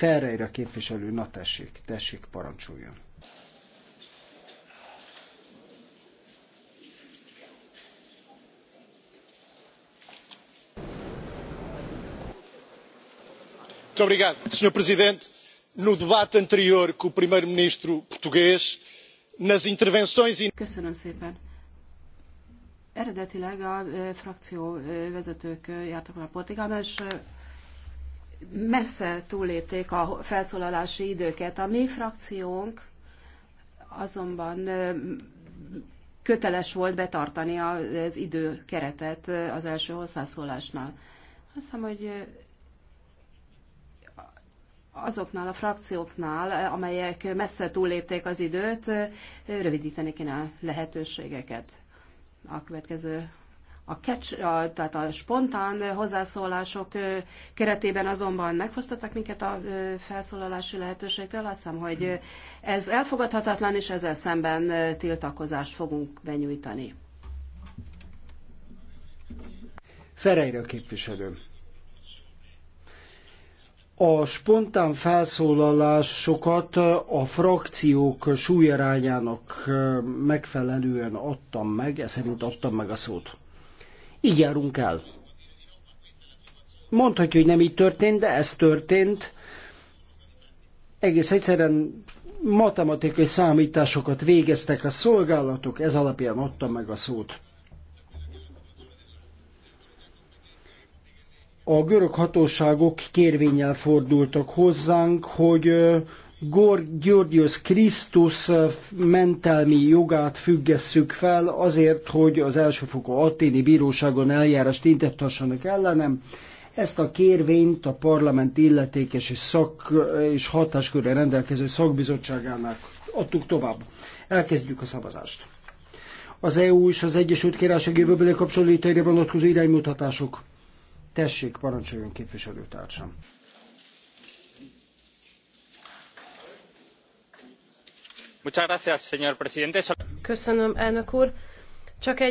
Ferreira képviselő, na tessék, tessék, parancsoljon. Muito obrigado, Sr. presidente no debate anterior com o primeiro ministro português nas intervenções. köszönöm szépen eredetileg a eh, frakcióvezetők eh, eh, jártak a portugálban és messze túlépték a felszólalási időket. A mi frakciónk azonban köteles volt betartani az időkeretet az első hozzászólásnál. Azt hiszem, hogy azoknál a frakcióknál, amelyek messze túlépték az időt, rövidíteni kéne a lehetőségeket. A következő a, catch, a, tehát a spontán hozzászólások keretében azonban megfosztottak minket a felszólalási lehetőségtől. Azt hiszem, hogy ez elfogadhatatlan, és ezzel szemben tiltakozást fogunk benyújtani. Ferejre képviselő. A spontán felszólalásokat a frakciók súlyarányának megfelelően adtam meg, e szerint adtam meg a szót. Így járunk el. Mondhatjuk, hogy nem így történt, de ez történt. Egész egyszerűen matematikai számításokat végeztek a szolgálatok, ez alapján adtam meg a szót. A görög hatóságok kérvényel fordultak hozzánk, hogy Györgyös Krisztus eh, mentelmi jogát függesszük fel azért, hogy az elsőfokú aténi bíróságon eljárást indíthassanak ellenem. Ezt a kérvényt a parlament illetékes és, szak, és hatáskörre rendelkező szakbizottságának adtuk tovább. Elkezdjük a szavazást. Az EU és az Egyesült Királyság jövőbeli kapcsolataira vonatkozó iránymutatások. Tessék, parancsoljon képviselőtársam! Köszönöm, elnök úr. Csak egy